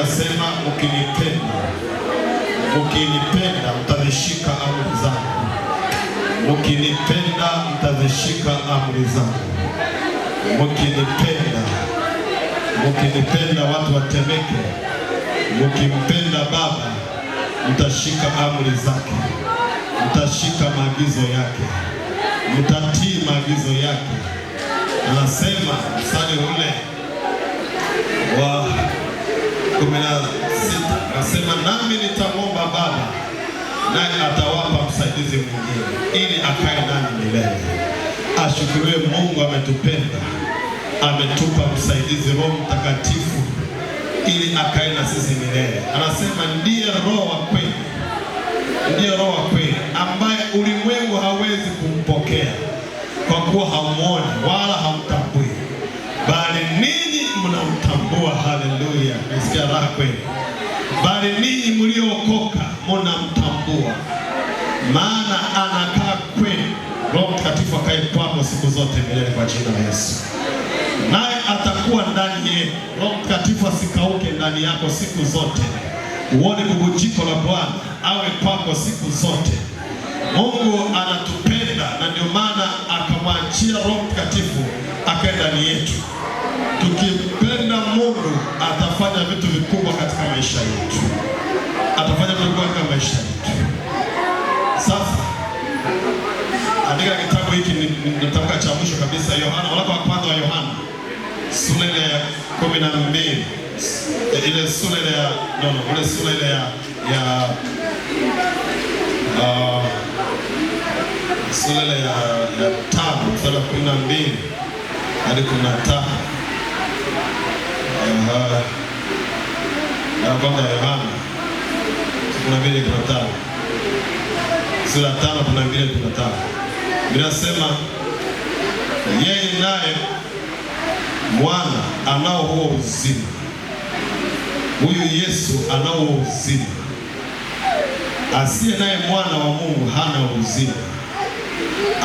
asema ukinipenda, ukinipenda mtazishika amri zangu, ukinipenda mtazishika amri zangu, ukinipenda, ukinipenda watu watemeke, ukimpenda Baba mtashika amri zake, mtashika maagizo yake, mtatii maagizo yake. Anasema mstari ule wa kumi na sita nasema nami nitamwomba Baba naye atawapa msaidizi mwingine ili akae nani milele. Ashukuriwe Mungu ametupenda, ametupa msaidizi Roho Mtakatifu ili akae na sisi milele. Anasema ndiye Roho wa kweli, ndiye Roho wa kweli ambaye ulimwengu hawezi kumpokea kwa kuwa hamuoni nawe ninyi mliokoka munamtambua, maana anakaa kwenu. Roho Mtakatifu akae kwako siku zote milele, kwa jina la Yesu, naye atakuwa ndani yenu. Roho Mtakatifu asikauke ndani yako siku zote, uone bubujiko la Bwana awe kwako siku zote. Mungu anatupenda na ndio maana akamwachia Roho Mtakatifu akae ndani yetu. Tukimpenda Mungu atafanya vitu vikubwa katika maisha yetu, atafanya vitu vikubwa katika maisha yetu. Sasa andika kitabu hiki, nitamka cha mwisho kabisa, Yohana, waraka wa kwanza wa Yohana sura ile ya kumi na mbili ile sura ile ya no, no, ile sura ile ya ya uh, sura ile ya, ya tano sura kumi na mbili hadi kumi na tano ya kwanza ya Yohana kumi na mbili kumi na tano sura ya tano kumi na mbili kumi na tano vinasema yeye naye mwana anao huo uzima, huyu Yesu anao uzima. Asiye naye mwana wa Mungu hana uzima.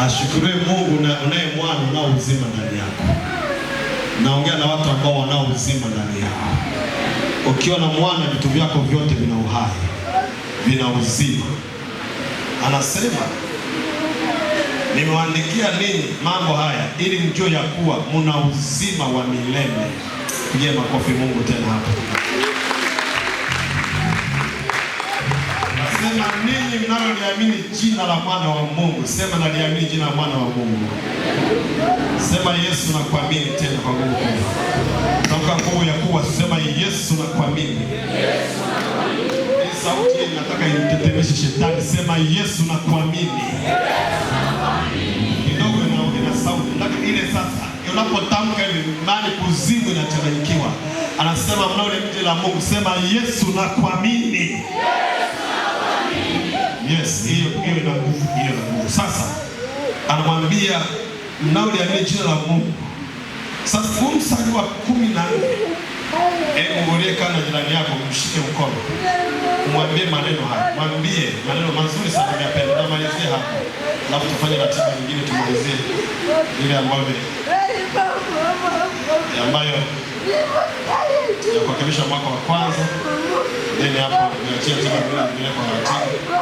Ashukuriwe Mungu na unaye mwana unao uzima ndani yako naongea na watu ambao wanao uzima ndani yao. Ukiwa na mwana, vitu vyako vyote vina uhai, vina uzima. Anasema, nimewaandikia ninyi mambo haya ili mjue ya kuwa muna uzima wa milele. Pigie makofi Mungu tena hapo. Anasema ninyi mnaloliamini jina la mwana wa Mungu, sema naliamini jina la mwana wa Mungu. Sema Yesu nakuamini tena kwa nguvu kubwa, toka nguvu ya kuwa, sema Yesu nakuamini. Hii sauti inataka imtetemeshe shetani, sema Yesu nakuamini. Kidogo inaongea sauti, Nataka ile sasa unapotamka hivi mali kuzimu inachanganyikiwa. Anasema mnaoliamini jina la Mungu, sema Yesu nakuamini. Yes, hiyo hiyo ina nguvu, hiyo ina nguvu. Sasa anamwambia mnaoliamini jina la Mungu. Sasa huu mstari wa kumi na nne, hebu jirani yako, mshike mkono, mwambie maneno haya, mwambie maneno mazuri sana. Napenda namalizie hapo, alafu tufanye ratiba nyingine, tumalizie ile ambayo ambayo ya kuwakilisha mwaka wa kwanza Nene hapo niachie tena bila bila kwa ratibu.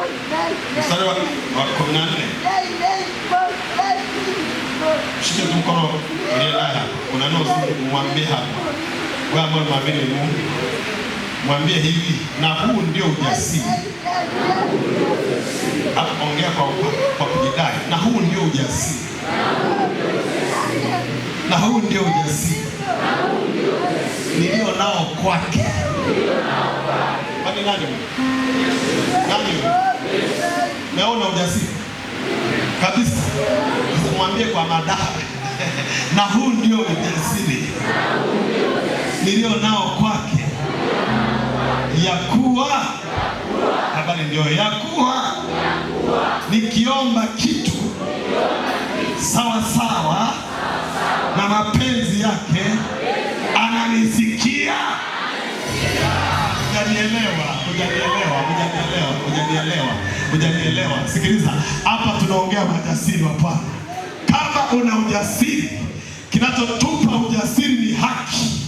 Mstari wa 14. Shika tu mkono ile laya. Kuna neno umwambie hapa. Wewe ambaye unaamini Mungu. Mwambie hivi na huu ndio ujasiri. Hapo ongea kwa kwa kujidai. Na huu ndio ujasiri. Na huu ndio ujasiri. Nilio nao kwake. Nilio nao kwake ni nani nani? Naona ujasiri kabisa, nisimwambie kwa madaha na huu ndio ujasiri nilio nao kwake, ya kuwa habari ndio ya kuwa nikiomba kitu sawasawa sawa na mapenzi yake hujanielewa, hujanielewa, hujanielewa, hujanielewa. Sikiliza hapa, tunaongea majasiri hapana. Kama una ujasiri, kinachotupa ujasiri ni haki.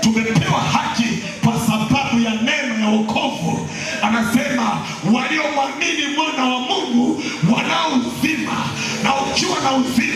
Tumepewa haki kwa sababu ya neno ya wokovu. Anasema waliomwamini mwana wa Mungu wanao uzima, na ukiwa na uzima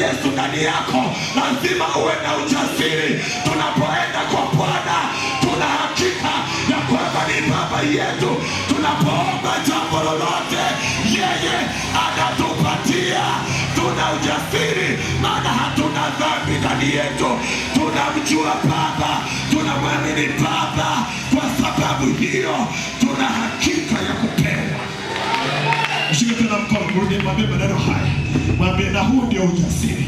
Yesu ndani yako, lazima uwe na ujasiri. Tunapoenda kwa Bwana, tuna hakika ya kwamba ni baba yetu. Tunapoomba jambo lolote, yeye anatupatia. Tuna ujasiri, maana hatuna dhambi ndani yetu. Tunamjua Baba, tunamwamini Baba. Kwa sababu hiyo, tuna hakika ya kupewa. Mshike tena mkono, mrudie, mwambie maneno haya Mwambie na huu ndio ujasiri.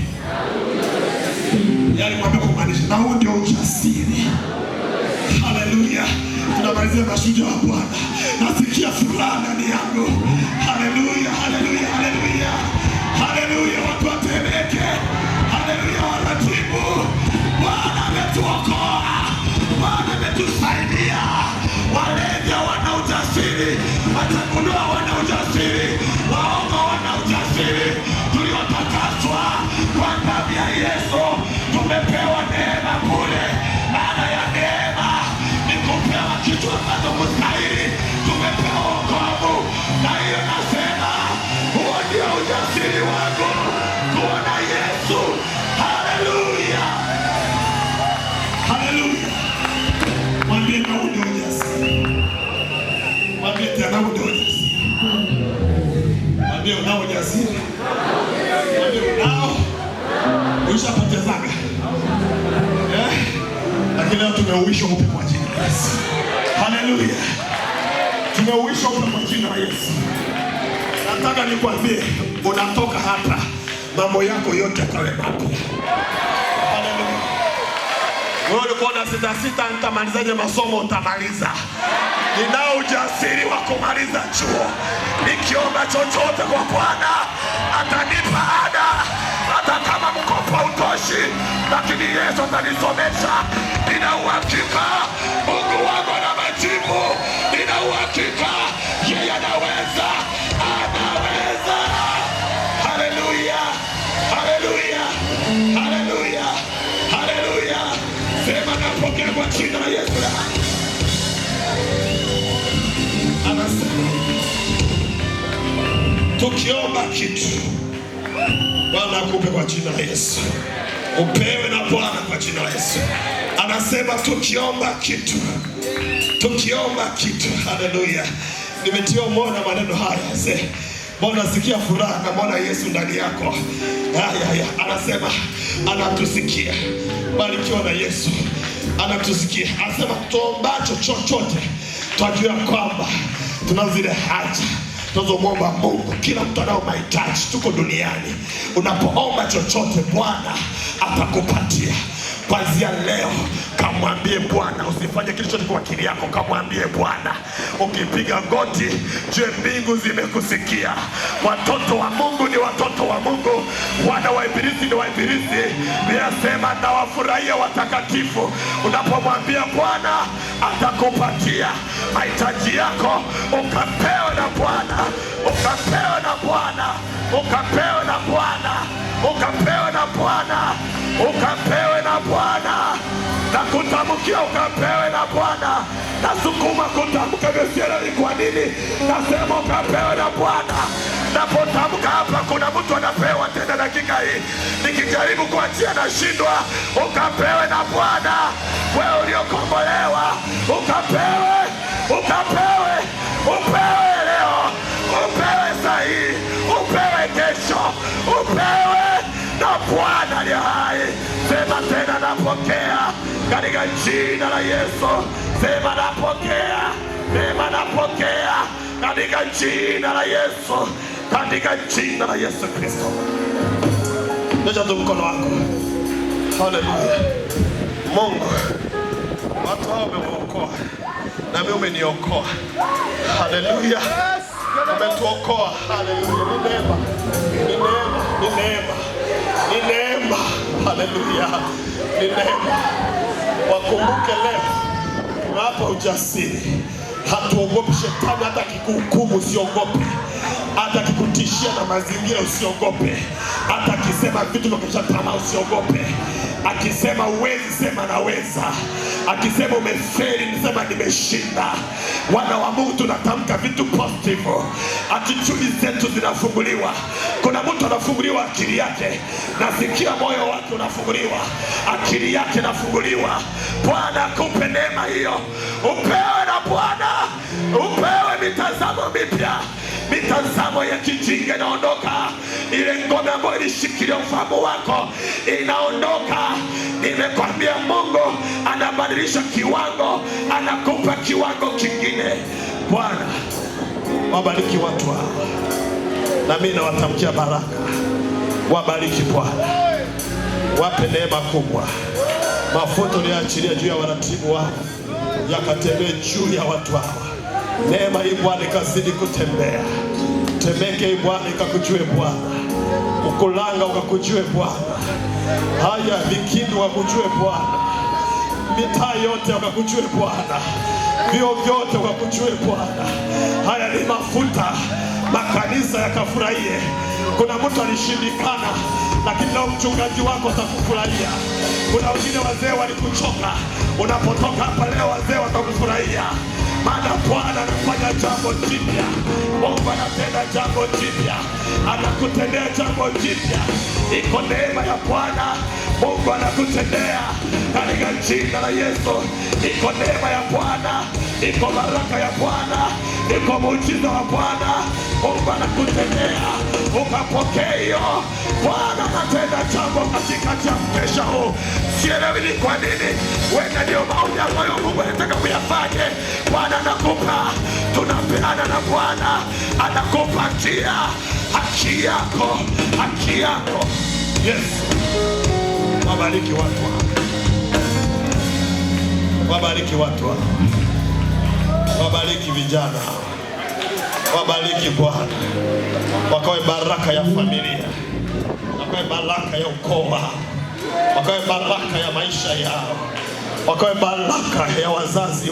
Yaani mwambie kumaanisha na huu ndio ujasiri. Haleluya. Tunamalizia mashujaa wa Bwana. Nasikia furaha ndani yangu. Haleluya, haleluya, haleluya. Haleluya, watu watereke. Haleluya, waratibu. tumezaga yeah. Lakini leo tumeuishwa upya kwa jina la Yesu. Haleluya, tumeuishwa upya kwa jina la Yesu. Nataka nikwambie, unatoka hapa, mambo yako yote yakawe mapya. Haleluya. Wewe ulikuwa na sita sita, nitamalizaje masomo? Utamaliza. Ninao ujasiri wa kumaliza chuo, nikiomba chochote kwa Bwana ata lakini Yesu atanisomesha. Nina uhakika Mungu wako na majibu, nina uhakika yeye anaweza, anaweza. Haleluya, haleluya, haleluya, haleluya! Sema napokea kwa jina la Yesu. tukiomba kitu Bwana akupe kwa jina la Yesu upewe na Bwana kwa jina la Yesu. Anasema tukiomba kitu, tukiomba kitu. Haleluya, nimetiwa na maneno haya ze Mbona sikia furaha na mbona Yesu ndani yako. Haya haya, anasema anatusikia. Barikiwa na Yesu. Anatusikia. Anasema tuombacho chochote, twajua kwamba tuna zile haja tunavyomwomba Mungu. Kila mtu anao mahitaji, tuko duniani. Unapoomba chochote, Bwana atakupatia. Kwanzia leo kamwambie Bwana, usifanye kilicho kwa akili yako, kamwambie Bwana. Ukipiga goti, je, mbingu zimekusikia? Watoto wa Mungu ni watoto wa Mungu, wana wa ibilisi ni wa ibilisi. nawafurahia na wafurahia watakatifu. Unapomwambia Bwana, atakupatia mahitaji yako, ukapewa na Bwana, ukapewa na Bwana, ukapewa na Bwana, ukapewa na Bwana ukapewe na Bwana na kutamkia, ukapewe na Bwana nasukuma kutamka, Ni kwa nini nasema ukapewe na Bwana. Napotamka hapa, kuna mtu anapewa tena. Dakika hii nikijaribu kuachia nashindwa. Ukapewe na Bwana, wewe uliokombolewa, ukapewe, ukapewe, upewe leo, upewe sahii, upewe kesho, upewe na Bwana aliye hai. Sema tena, napokea katika jina la Yesu. Sema napokea, sema napokea katika jina la Yesu, katika jina la Yesu Kristo. Nyosha tu mkono wako. Haleluya. Mungu, watu hao umewaokoa na mimi umeniokoa. Haleluya. Umetuokoa. Haleluya. Ni neema, ni neema, ni neema ni neema. Haleluya, ni neema. Wakumbuke leo tunawapa ujasiri, hatuogopi shetani. Hata kikuhukumu usiogope, hata kikutishia na mazingira usiogope, hata akisema vitu vya kukata tamaa usiogope, akisema uwezi sema naweza akisema umefeli, nisema nimeshinda. Wana wa Mungu tunatamka vitu positive, attitude zetu zinafunguliwa. Kuna mtu anafunguliwa akili yake, nasikia moyo wake unafunguliwa, akili yake inafunguliwa. Bwana akupe neema hiyo, upewe na Bwana, upewe mitazamo mipya mitazamo ya kijinga inaondoka. Ile ngome ambayo ilishikilia ufahamu wako inaondoka. Nimekwambia Mungu anabadilisha kiwango, anakupa kiwango kingine. Bwana wabariki watu hawa, na mimi nawatamkia baraka. Wabariki Bwana, wape neema kubwa. Mafuta uliyoachilia juu ya waratibu wao yakatembee juu ya watu hawa. Neema hii Bwana ikazidi kutembea, temeke hii Bwana ikakujue Bwana, ukulanga ukakujue Bwana Haya vikindi wakujue Bwana, mitaa yote wakakujue Bwana, vio vyote wakakujue Bwana. Haya ni mafuta, makanisa yakafurahie. Kuna mtu alishindikana, lakini leo mchungaji wako atakufurahia. Kuna wengine wazee walikuchoka, unapotoka hapa leo wazee watakufurahia maana Bwana anafanya jambo jipya. Mungu anatenda jambo jipya, anakutendea jambo jipya. Iko neema ya Bwana Mungu anakutendea katika jina la Yesu. Iko neema ya Bwana, iko baraka ya Bwana, iko muujiza wa Bwana Mungu anakutendea ukapokea hiyo. Bwana anatenda jambo katikati ya mkesha huu, sielewi ni kwa nini. Weka ndio maoni ambayo Mungu anataka kuyafanye. Bwana anakupa, tunapeana na Bwana anakupa haki yako, haki yako. Yesu wabariki watu wako, wabariki watu wako, wabariki vijana Wabariki Bwana, wakawe baraka ya familia, wakawe baraka ya ukoo wao, wakawe baraka ya maisha yao, wakawe baraka ya wazazi